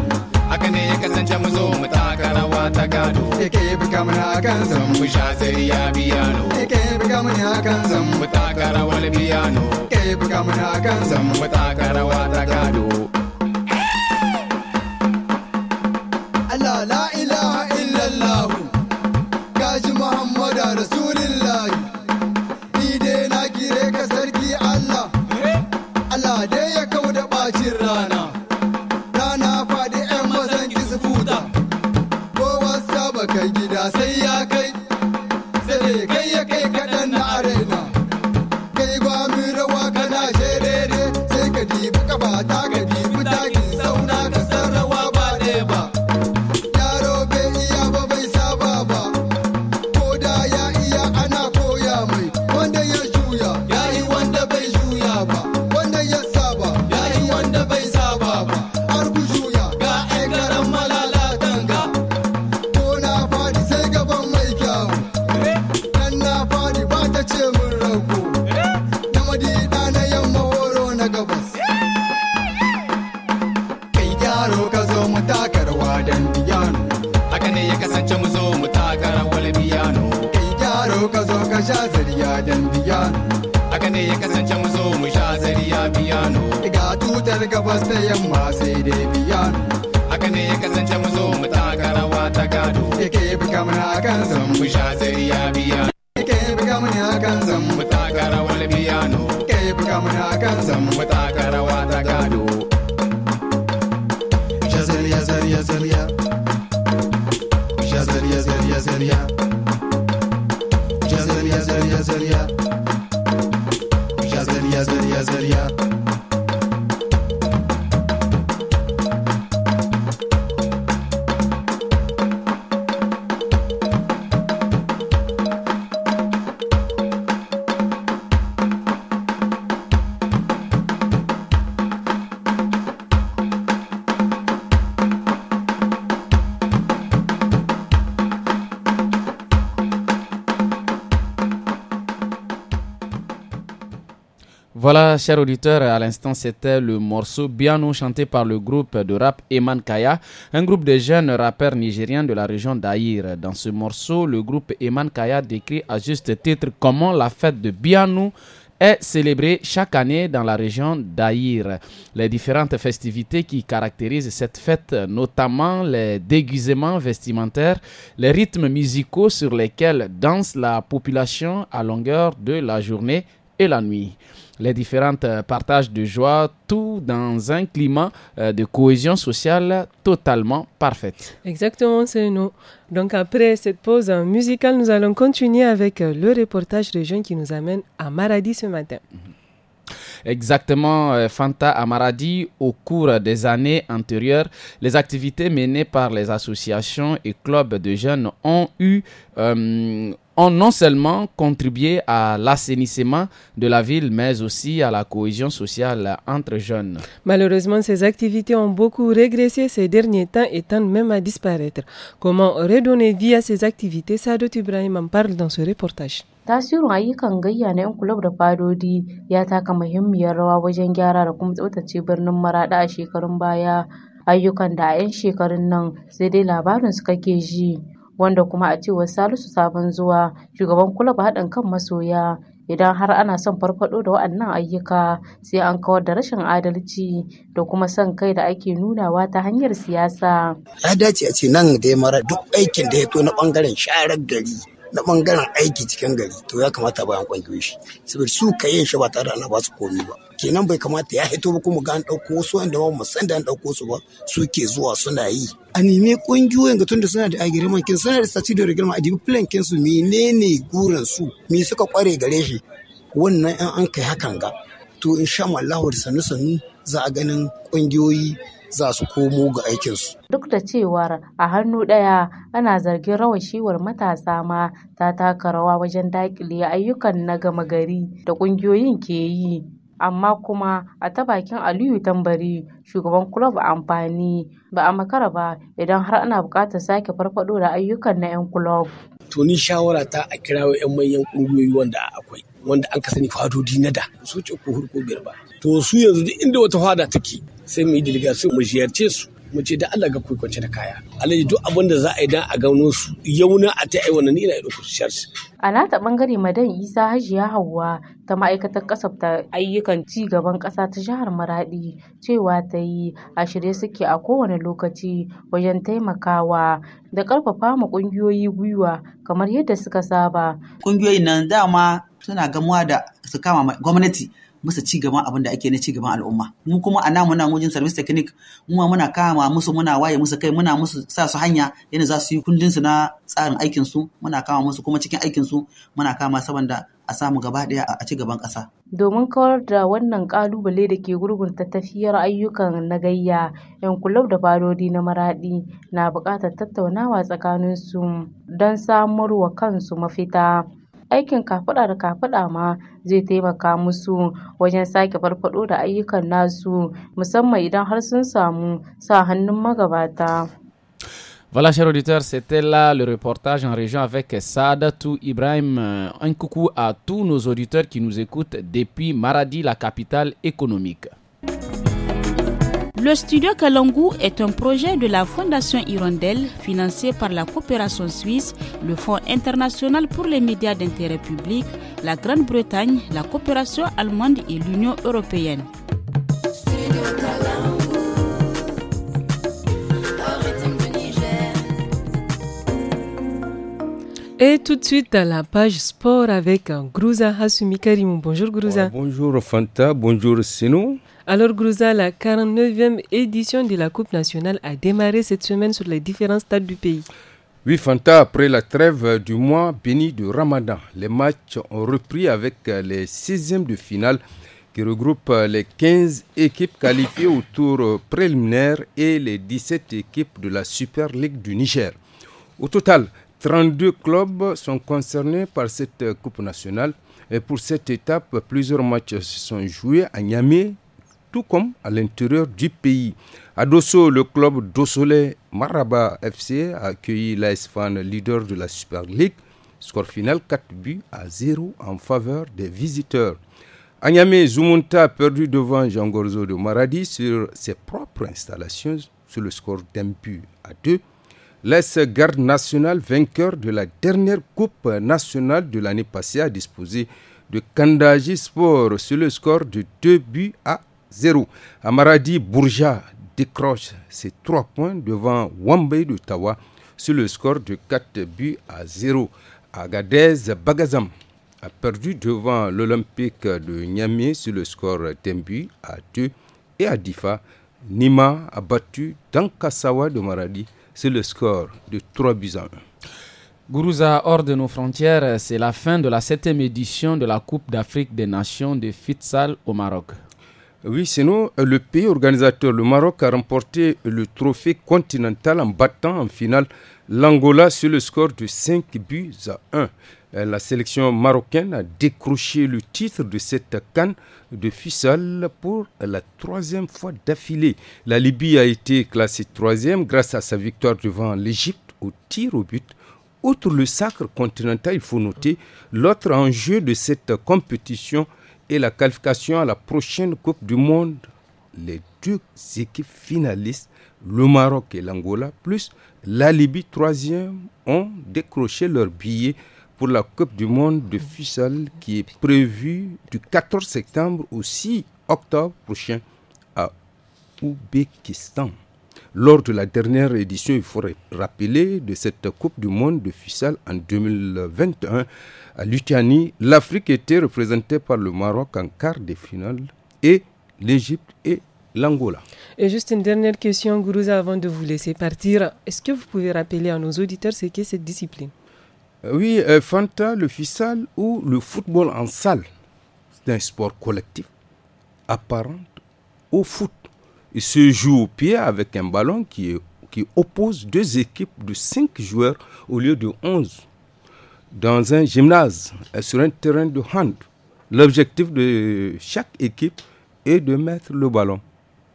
haka ne ya kasance mu zo mu taka rawa ta gado yake buga mun hakan zan mu sha ya biyano yake buga mun hakan zan mu taka rawar biyano yake buga mun hakan zan mu taka rawa ta gado Voilà, chers auditeurs, à l'instant c'était le morceau Bianou chanté par le groupe de rap Eman Kaya, un groupe de jeunes rappeurs nigériens de la région d'Aïr. Dans ce morceau, le groupe Eman Kaya décrit à juste titre comment la fête de Bianou est célébrée chaque année dans la région d'Aïr. Les différentes festivités qui caractérisent cette fête, notamment les déguisements vestimentaires, les rythmes musicaux sur lesquels danse la population à longueur de la journée et la nuit les différentes euh, partages de joie, tout dans un climat euh, de cohésion sociale totalement parfaite. Exactement, c'est nous. Donc après cette pause musicale, nous allons continuer avec euh, le reportage région qui nous amène à Maradi ce matin. Mhm. Exactement, Fanta à Maradi, au cours des années antérieures, les activités menées par les associations et clubs de jeunes ont eu, ont non seulement contribué à l'assainissement de la ville, mais aussi à la cohésion sociale entre jeunes. Malheureusement, ces activités ont beaucoup régressé ces derniers temps et tendent même à disparaître. Comment redonner vie à ces activités Sadot Ibrahim en parle dans ce reportage. wanda kuma a cewar Salisu sabon zuwa shugaban kulaba haɗin kan masoya idan har ana son farfado da wa'annan ayyuka sai an kawar da rashin adalci da kuma son kai da ake nunawa ta hanyar siyasa. Ya dace a ce nan da ya mara duk aikin da ya to na ɓangaren sharar gari na bangaren aiki cikin gari to ya kamata bayan kwangiyoyi shi saboda su ka yin shi ba tare da ba su komi ba kenan bai kamata ya hito ba kuma ga an ɗauko wasu wanda ba mu san da an dauko su ba suke zuwa suna yi a nemi kungiyoyin ga tunda suna da agreement kin suna da sati da reglement a dibi plan kin su menene gurin su me suka kware gare shi wannan an kai hakan ga to insha Allah da sannu sannu za a ganin kungiyoyi za su komo ga aikinsu. Duk da cewar a hannu ɗaya ana zargin shiwar matasa ma ta taka rawa wajen daƙile ayyukan na gama gari da ƙungiyoyin ke yi. Amma kuma a ta bakin Aliyu Tambari shugaban kulob amfani ba a makara ba idan har ana buƙatar sake farfado da ayyukan na 'yan kulob. Toni shawara ta a kirawo 'yan manyan ƙungiyoyi wanda akwai wanda an ka sani fadodi na da su ce ko biyar ba. To su yanzu duk inda wata fada take sai mu yi delegation mu ziyarce su mu ce da Allah ga ku kwance da kaya alaji duk abin da za a yi dan a gano su yauna a ta aiwana ni ina ido ku shars a nata bangare madan Isa Hajiya Hauwa ta ma'aikatar kasafta ayyukan ci gaban kasa ta jihar Maradi cewa ta yi a shirye suke a kowane lokaci wajen taimakawa da karfafa ma kungiyoyi gwiwa kamar yadda suka saba kungiyoyin nan dama suna gamuwa da su kama gwamnati musu ci gaban abin da ake na ci gaban al'umma mu kuma a namu nan wajen service technique mu muna kama musu muna waye musu kai muna musu sa su hanya yana za su yi kundin su na tsarin aikin su muna kama musu kuma cikin aikin su muna kama saboda a samu gaba daya a ci gaban ƙasa. Domin kawar da wannan kalubale da ke gurgunta tafiyar ayyukan nagayya, gayya, 'yan kulab da fadodi na maraɗi na bukatar tattaunawa tsakanin su don samar kansu mafita. Voilà, chers auditeurs, c'était là le reportage en région avec Saadatou Ibrahim. Un coucou à tous nos auditeurs qui nous écoutent depuis Maradi, la capitale économique. Le studio Kalangu est un projet de la Fondation Hirondelle financé par la coopération suisse, le Fonds international pour les médias d'intérêt public, la Grande-Bretagne, la coopération allemande et l'Union européenne. Et tout de suite à la page sport avec Grouza Hassoumi Karim. Bonjour Grouza. bonjour Fanta, bonjour Sinou. Alors, Grouza, la 49e édition de la Coupe nationale a démarré cette semaine sur les différents stades du pays. Oui, Fanta, après la trêve du mois béni du Ramadan, les matchs ont repris avec les 16e de finale qui regroupent les 15 équipes qualifiées au tour préliminaire et les 17 équipes de la Super League du Niger. Au total, 32 clubs sont concernés par cette Coupe nationale. Et pour cette étape, plusieurs matchs se sont joués à Niamey, comme à l'intérieur du pays. À Dosso, le club Dossolet Maraba FC a accueilli l'AS Fan, leader de la Super League. Score final 4 buts à 0 en faveur des visiteurs. Anyame Zumunta a perdu devant Jean Gorzo de Maradi sur ses propres installations sur le score d'un but à 2. L'AS Garde nationale, vainqueur de la dernière Coupe nationale de l'année passée, a disposé de Kandaji Sport sur le score de 2 buts à 0. Amaradi Bourja décroche ses 3 points devant Wambay de Tawa sur le score de 4 buts à 0. Agadez Bagazam a perdu devant l'Olympique de Niamey sur le score d'un but à 2 et à Difa. Nima a battu Dankasawa de Maradi sur le score de 3 buts à 1. Gourouza, hors de nos frontières, c'est la fin de la septième édition de la Coupe d'Afrique des Nations de Futsal au Maroc. Oui, sinon, le pays organisateur, le Maroc, a remporté le trophée continental en battant en finale l'Angola sur le score de 5 buts à 1. La sélection marocaine a décroché le titre de cette canne de Fussal pour la troisième fois d'affilée. La Libye a été classée troisième grâce à sa victoire devant l'Égypte au tir au but. Outre le sacre continental, il faut noter l'autre enjeu de cette compétition, et la qualification à la prochaine Coupe du Monde, les deux équipes finalistes, le Maroc et l'Angola, plus la Libye troisième, ont décroché leur billet pour la Coupe du Monde de Futsal qui est prévue du 14 septembre au 6 octobre prochain à Ouzbékistan. Lors de la dernière édition, il faudrait rappeler, de cette Coupe du Monde de Futsal en 2021 à Lituanie, l'Afrique était représentée par le Maroc en quart de finale et l'Égypte et l'Angola. Et juste une dernière question, Gourouza, avant de vous laisser partir. Est-ce que vous pouvez rappeler à nos auditeurs ce qu'est cette discipline euh, Oui, euh, Fanta, le futsal ou le football en salle, c'est un sport collectif apparent au foot il se joue au pied avec un ballon qui, oppose deux équipes de cinq joueurs au lieu de onze. dans un gymnase, et sur un terrain de hand. L'objectif de chaque équipe est de mettre le ballon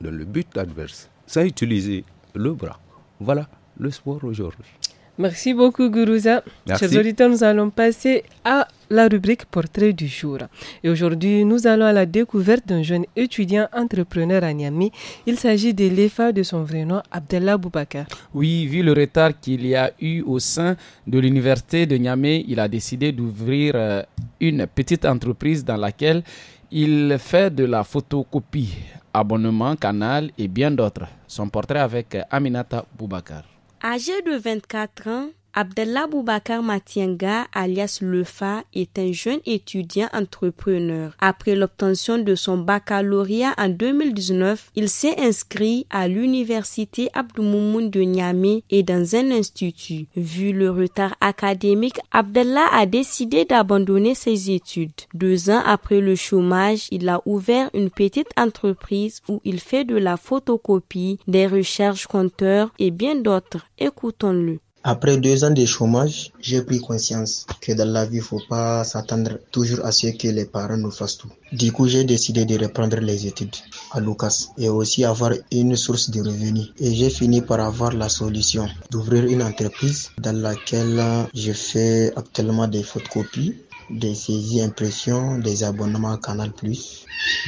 dans le but adverse sans utiliser le bras. Voilà le sport aujourd'hui. Merci beaucoup, Guruza. Chers auditeurs, nous allons passer à la rubrique Portrait du jour. Et aujourd'hui, nous allons à la découverte d'un jeune étudiant entrepreneur à Niamey. Il s'agit de l'EFA de son vrai nom, Abdellah Boubakar. Oui, vu le retard qu'il y a eu au sein de l'université de Niamey, il a décidé d'ouvrir euh, une petite entreprise dans laquelle il fait de la photocopie, abonnement, canal et bien d'autres. Son portrait avec Aminata Boubakar. Âgé de 24 ans, Abdallah Boubakar Matienga alias Lefa, est un jeune étudiant entrepreneur. Après l'obtention de son baccalauréat en 2019, il s'est inscrit à l'université Abdoumoumoun de Niamey et dans un institut. Vu le retard académique, Abdallah a décidé d'abandonner ses études. Deux ans après le chômage, il a ouvert une petite entreprise où il fait de la photocopie, des recherches compteurs et bien d'autres. Écoutons-le. Après deux ans de chômage, j'ai pris conscience que dans la vie, il faut pas s'attendre toujours à ce que les parents nous fassent tout. Du coup, j'ai décidé de reprendre les études à Lucas et aussi avoir une source de revenus. Et j'ai fini par avoir la solution d'ouvrir une entreprise dans laquelle je fais actuellement des photocopies des saisies impressions, des abonnements à Canal+,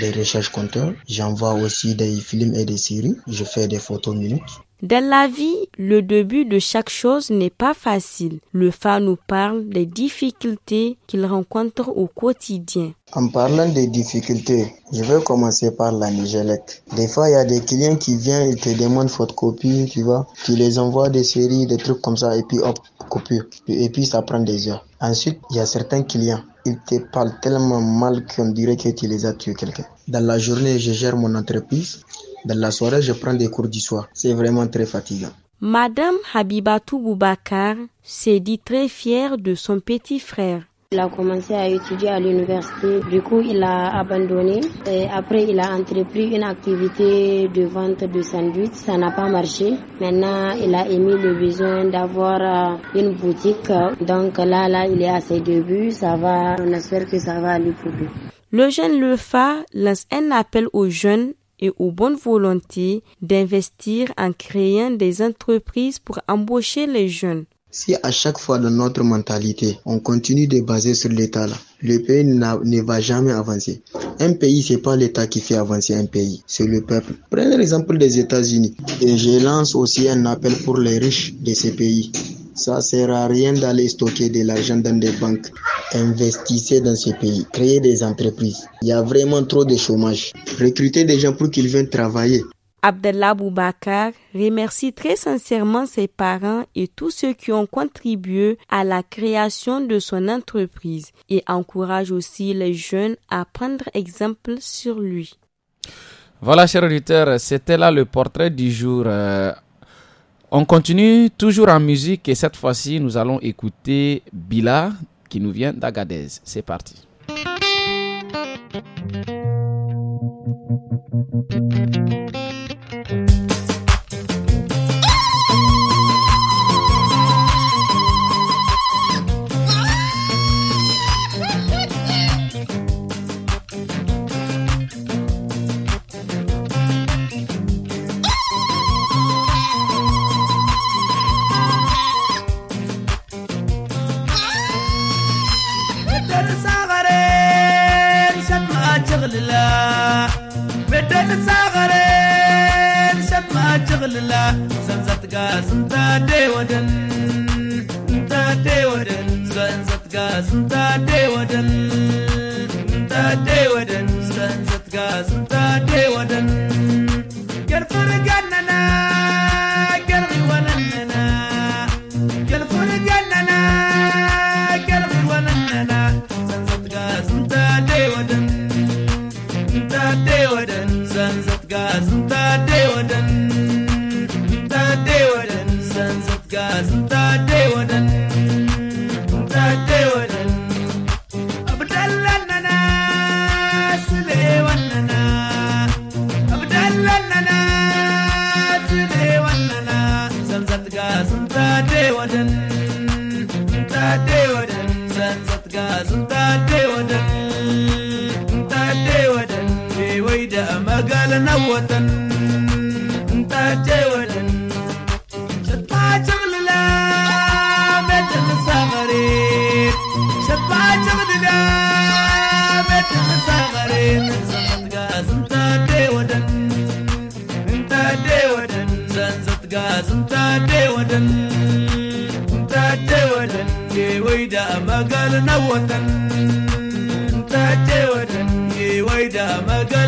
des recherches compteurs. J'envoie aussi des films et des séries. Je fais des photos minutes. Dans la vie, le début de chaque chose n'est pas facile. Le phare nous parle des difficultés qu'il rencontre au quotidien. En parlant des difficultés, je vais commencer par la nijelette. Des fois, il y a des clients qui viennent et te demandent copie, tu vois. Tu les envoies des séries, des trucs comme ça, et puis hop, copie. Et puis, ça prend des heures. Ensuite, il y a certains clients, ils te parlent tellement mal qu'on dirait que tu les as tués quelqu'un. Dans la journée, je gère mon entreprise. Dans la soirée, je prends des cours du soir. C'est vraiment très fatigant. Madame Habibatou Boubacar s'est dit très fière de son petit frère. Il a commencé à étudier à l'université, du coup il a abandonné. Et après il a entrepris une activité de vente de sandwich, ça n'a pas marché. Maintenant il a émis le besoin d'avoir euh, une boutique. Donc là, là il est à ses débuts, ça va, on espère que ça va aller pour lui. Le jeune Lefa lance un appel aux jeunes et aux bonnes volontés d'investir en créant des entreprises pour embaucher les jeunes. Si à chaque fois dans notre mentalité, on continue de baser sur l'État, le pays ne va jamais avancer. Un pays, c'est pas l'État qui fait avancer un pays, c'est le peuple. Prenez l'exemple des États-Unis. Et je lance aussi un appel pour les riches de ces pays ça sert à rien d'aller stocker de l'argent dans des banques. Investissez dans ce pays. Créez des entreprises. Il y a vraiment trop de chômage. Recrutez des gens pour qu'ils viennent travailler. Abdellah Boubacar remercie très sincèrement ses parents et tous ceux qui ont contribué à la création de son entreprise et encourage aussi les jeunes à prendre exemple sur lui. Voilà, chers auditeurs, c'était là le portrait du jour. Euh, on continue toujours en musique et cette fois-ci, nous allons écouter Bila qui nous vient d'Agadez. C'est parti.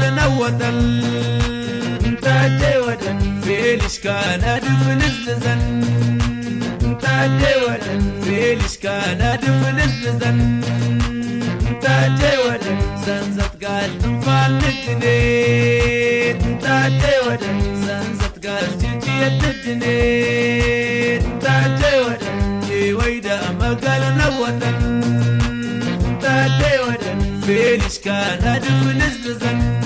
تنوتن تاتي ودن فيلش كان أدفن الزن تاتي ودن فيلش كان أدفن الزن تاتي ودن سنزت قال فالتنيت تاتي ودن سنزت قال تجي التنيت تاتي ودن ويدا مقال نوتن تاتي ودن فيلش كان أدفن الزن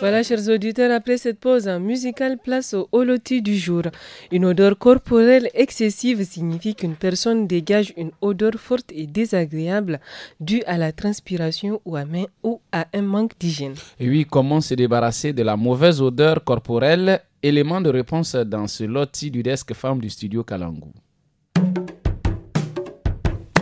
Voilà, chers auditeurs, après cette pause musicale, place au loti du jour. Une odeur corporelle excessive signifie qu'une personne dégage une odeur forte et désagréable due à la transpiration ou à, un manque d'hygiène. Et oui, comment se débarrasser de la mauvaise odeur corporelle Élément de réponse dans ce loti du desk femme du studio Kalangu.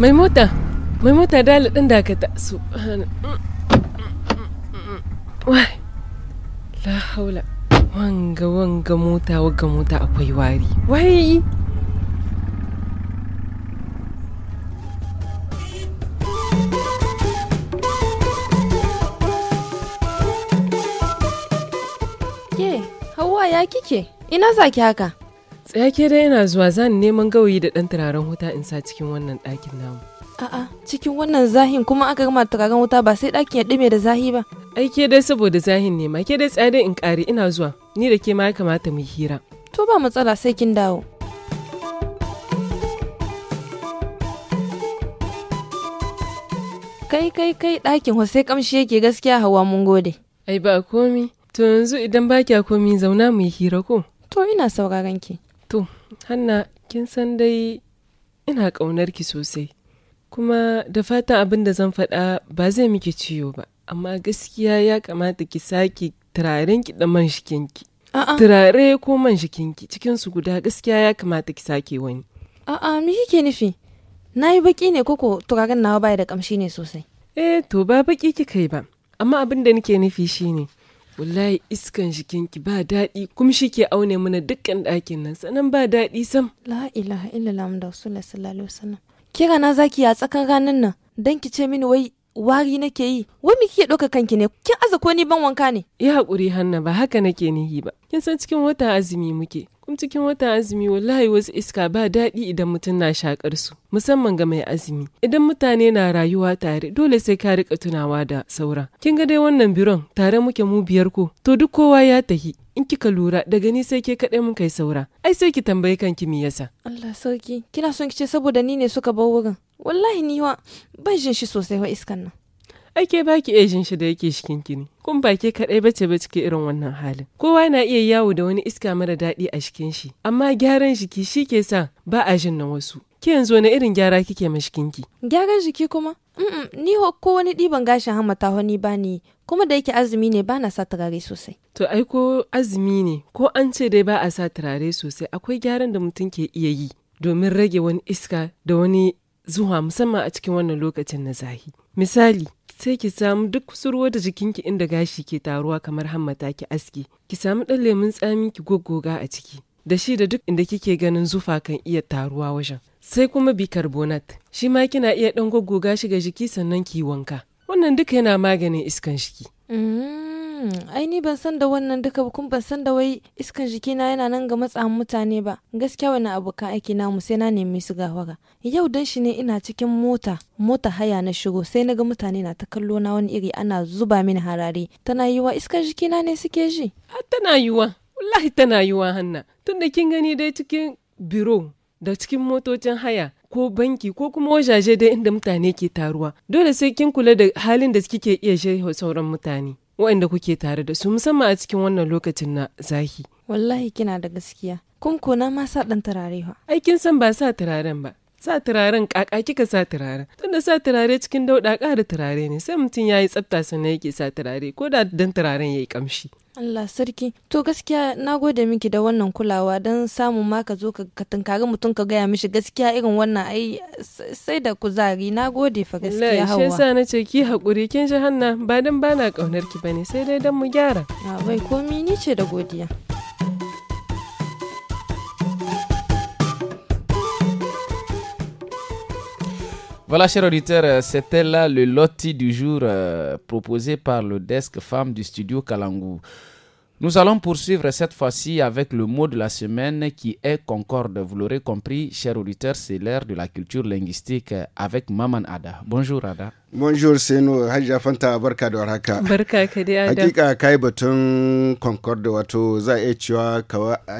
mai mota mai mota dala ɗin da ka taso wai la haula wanga wanga mota wanga mota akwai wari wai ke hawa ya kike ina zaki haka Tsayake dai yana zuwa zan neman gawayi da ɗan turaren wuta in sa cikin wannan ɗakin namu. A'a, cikin wannan zahin kuma aka gama turaren wuta ba sai ɗakin ya ɗume da zahi ba. Ai ke dai saboda zahin ne ma ke dai tsaya dai in ƙare ina zuwa ni da ke ma ya kamata mu hira. To ba matsala sai kin dawo. Kai kai kai ɗakin sai kamshi yake gaskiya hawa mun gode. Ai ba komi, to yanzu idan ba kya komi zauna mu hira ko? To ina sauraron ki. Hanna, kin san dai ina kaunar ki sosai. Kuma da fatan abin da zan faɗa ba zai miki ciwo ba, amma gaskiya ya kamata ki sake turaren ki da man shikinki. Turare ko man shikinki cikin su guda gaskiya ya kamata ki sake wani. A'a, me kike nufi? Na yi baki ne koko turaren nawa baya da kamshi ne sosai. Eh, to ba baki kika yi ba, amma abin da nake nufi shine wallahi iskan jikin ki ba daɗi kuma shi ke aune mana dukkan ɗakin nan sanan ba daɗi sam la ilaha illallah mu da rasulullah sallallahu alaihi wasallam kira na zaki a tsakan ranan nan dan ki ce mini wai wari nake yi wai me kike ɗauka kanki ne kin aza ko ni ban wanka ne ya haƙuri hanna ba haka nake nihi ba kin san cikin wata azumi muke Kuma cikin watan azumi wallahi wasu iska ba daɗi idan mutum na shakar su musamman ga mai azumi. Idan mutane na rayuwa tare dole sai ka rika tunawa da saura. Kin ga dai wannan biron tare muke mu biyar ko to duk kowa ya tahi. in kika lura daga ni sai ke kaɗai mun kai saura ai sai ki tambayi kanki me yasa Allah sauki kina son kice saboda ni ne suka bar wurin wallahi ni wa ban jin shi sosai wa iskan nan ake baki iya shi da yake shikinki ne kun baki kadai kaɗai bace ba cike irin wannan halin kowa na iya yawo da wani iska mara daɗi a shikin shi amma gyaran shiki shi ke sa ba a jin na wasu ki yanzu wani irin gyara kike ma ki. gyaran jiki kuma ni ko wani ɗiban gashin ta wani ba ni kuma da yake azumi ne ba na sa turare sosai to ai ko azumi ne ko an ce dai ba a sa turare sosai akwai gyaran da mutum ke iya yi domin rage wani iska da wani zuwa musamman a cikin wannan lokacin na zahi misali sai ki samu duk kusurwa da jikinki inda gashi ke taruwa kamar hammata ki aski ki samu ɗan lemun tsami ki goggoga a ciki da shi da duk inda kike ganin zufa kan iya taruwa wajen sai kuma bicarbonate shi ma kina iya ɗan goggoga shi ga jiki sannan ki wanka wannan duka yana maganin iskan shiki. Mm. aini ai ni ban san da wannan duka ba kun ban san da wai iskan jikina yana nan ga matsa mutane ba. Gaskiya wani abokan aiki na mu sai na nemi su gawara Yau dan shi ne ina cikin mota, mota haya na shigo sai na ga mutane na ta kallo na wani iri ana zuba mini harare. Tana yiwa iskan jikina ne suke ji? A tana yiwa. Wallahi tana yiwa Hanna. Tunda kin gani dai cikin biro da cikin motocin haya ko banki ko kuma wajaje dai inda mutane ke taruwa dole sai kin kula da halin da kike iya shi sauran mutane waɗanda kuke tare da su musamman a cikin wannan lokacin na zahi. Wallahi kina da gaskiya. Kun kona ma sa ɗan turare Aikin san ba sa turaren ba. sa turaren kaka kika sa turaren tunda sa turare cikin dauda kara turare ne sai mutum ya yi tsafta sannan yake sa turare ko da dan turaren yayi kamshi Allah sarki to gaskiya na gode miki da wannan kulawa don samun ma ka zo ka tunkari mutum ka gaya mishi gaskiya irin wannan ai sai da kuzari na gode fa gaskiya hawa allah shi yasa na ce ki hakuri kin shi hanna ba dan bana kaunar ki bane sai dai dan mu gyara bai komi ni ce da godiya Voilà, chers auditeurs, euh, c'était là le loti du jour euh, proposé par le desk femme du studio Kalangou. Nous allons poursuivre cette fois-ci avec le mot de la semaine qui est concorde. Vous l'aurez compris, chers auditeurs, c'est l'ère de la culture linguistique avec Maman Ada. Bonjour Ada. Bonjour Seno hajja Fanta barka da warhaka. Barka ka dai Adam. Hakika kai batun Concord wato za a cewa ka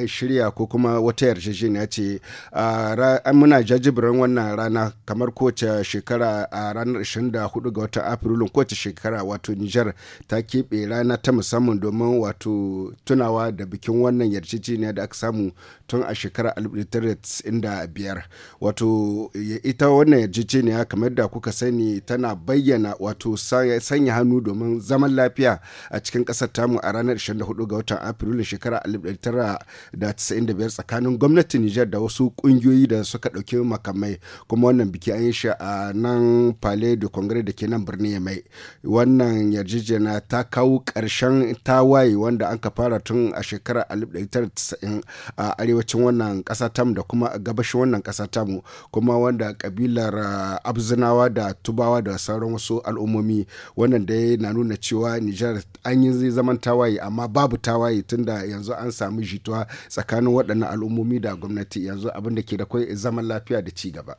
shirya ko kuma wata yarjejeniya ce a muna jajibirin wannan rana kamar kowace shekara a ranar 24 ga watan Afrilun kowace shekara wato Nijar ta keɓe rana ta musamman domin wato tunawa da bikin wannan yarjejeniya da aka samu tun a inda 1995 wato ita wannan yarjejeniya kamar da kuka sani tana bayyana wato sanya hannu domin zaman lafiya a cikin ƙasar tamu a ranar 24 ga watan Afrilu shekara 1995 tsakanin gwamnatin Nijar da wasu ƙungiyoyi da suka ɗauki makamai kuma wannan biki an yi shi a nan pale de congres da ke nan birnin mai Wannan yarjejena ta kawo ƙarshen tawaye wanda an ka fara tun a shekarar 1990 a arewacin wannan ƙasa tamu da kuma gabashin wannan ƙasa tamu kuma wanda kabilar ah, Abzinawa da Tubawa da sauran wasu al'ummomi wannan dai na nuna cewa nijar an yi zaman tawaye amma babu tawaye tunda yanzu an samu jituwa tsakanin waɗannan al'ummomi da gwamnati yanzu abin da ke da kwai zaman lafiya da ci gaba.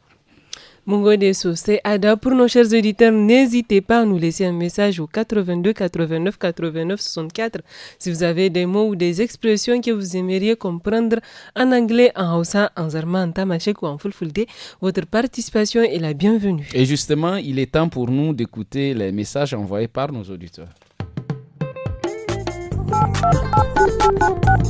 Mungo Deso, c'est Ada. Pour nos chers auditeurs, n'hésitez pas à nous laisser un message au 82 89 89 64 si vous avez des mots ou des expressions que vous aimeriez comprendre en anglais, en haussa, en zarma, en tamashek ou en fulfulde. Votre participation est la bienvenue. Et justement, il est temps pour nous d'écouter les messages envoyés par nos auditeurs.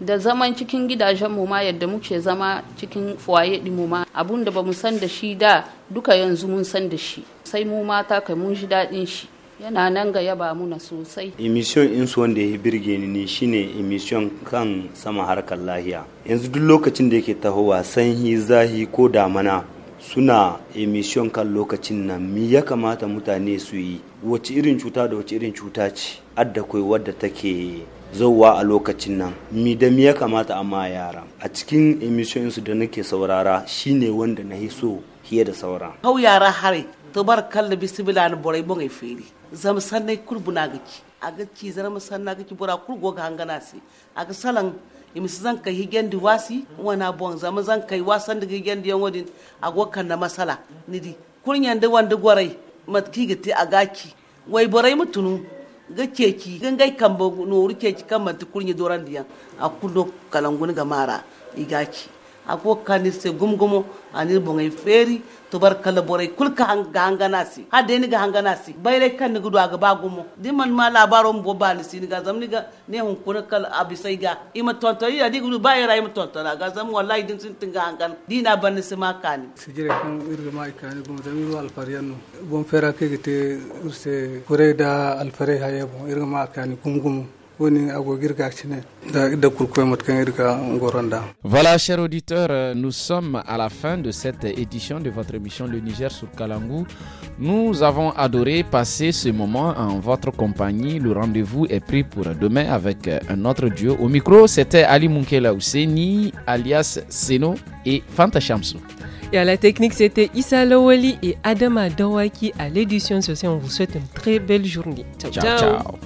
da zaman cikin gidajen mu ma yadda muke zama cikin fuwaye mu ma abun da bamu san da shi da duka yanzu mun san da shi sai mu mata kai mun ji daɗin shi yana nan ga yaba na sosai emission su wanda ya birge ni ne shine emission kan sama harkar lahiya yanzu duk lokacin da yake tahowa sanyi zahi ko damana suna emission kan lokacin nan mi ya kamata mutane su yi wace irin cuta da wace irin cuta ce adda koi wadda take zauwa a lokacin nan mi da mi ya kamata amma yara a cikin emissions da nake saurara shine wanda na yi so hiye da saura hau yara hare tubar kalla bisibila na borai bongai feri zam sanne kurbuna gaki a gaki zama sanna gaki bura kurgo ga hangana si a ga salan imisi zan kai higen di wasi wana bon zama zan kai wasan da higen di yanwadin a gokan na masala nidi kunyan da wanda gwarai matki gati a gaki wai borai mutunu ga keki ga ngai kamba nori keki kamba tukuri tu a doran diyan akuno kalanguni ga mara igaki ako kani se gumgumo ani bongai feri tubar kala borai kulka hanga hangana si ha de ni ga hanga si bayre kan ni gudu aga bagumo di man ma labaro mbo bal si ni ga zam ni ga ne hun kuna kal abisai ga ima tonto ya di gudu bayra ima tonto na ga zam wallahi din sin tinga hanga di na ban se ma kani jere kan irga ma ikani gumo zam iru yanu. bon fera ke gite urse kure da alfare haye bon irga ma kani gumgumo Voilà, chers auditeurs, nous sommes à la fin de cette édition de votre émission Le Niger sur Kalangou. Nous avons adoré passer ce moment en votre compagnie. Le rendez-vous est pris pour demain avec un autre duo. Au micro, c'était Ali Munkela Ouseni, alias Seno et Fanta Shamsou. Et à la technique, c'était Issa Lawali et Adama Dawaki à l'édition. Ceci, on vous souhaite une très belle journée. ciao. ciao.